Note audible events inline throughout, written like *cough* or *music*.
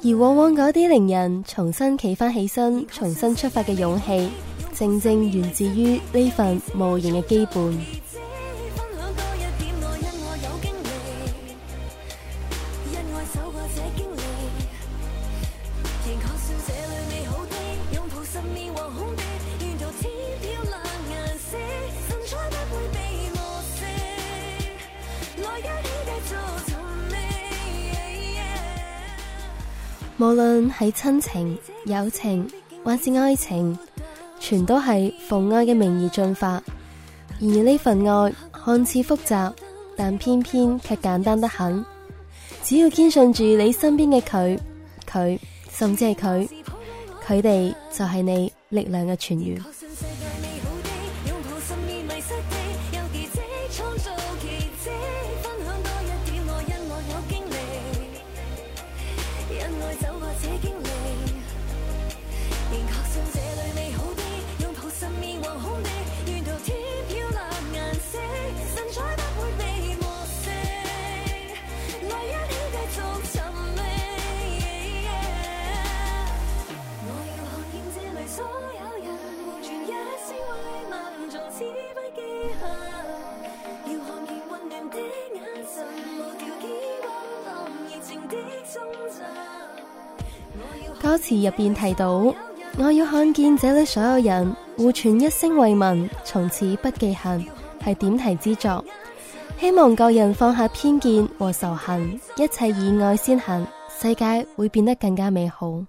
而往往嗰啲令人重新企返起身、重新出發嘅勇氣，正正源自於呢份無形嘅羈絆。無論係親情、友情還是愛情，全都係奉愛嘅名義進發。而呢份愛看似複雜，但偏偏卻簡單得很。只要堅信住你身邊嘅佢、佢甚至係佢，佢哋就係你力量嘅泉源。歌詞入邊提到，我要看見這裏所有人互傳一聲慰問，從此不記恨，係點題之作。希望各人放下偏見和仇恨，一切以愛先行，世界會變得更加美好。 *music*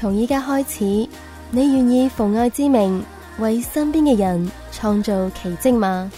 從依家開始，你願意奉愛之名，為身邊嘅人創造奇迹嗎？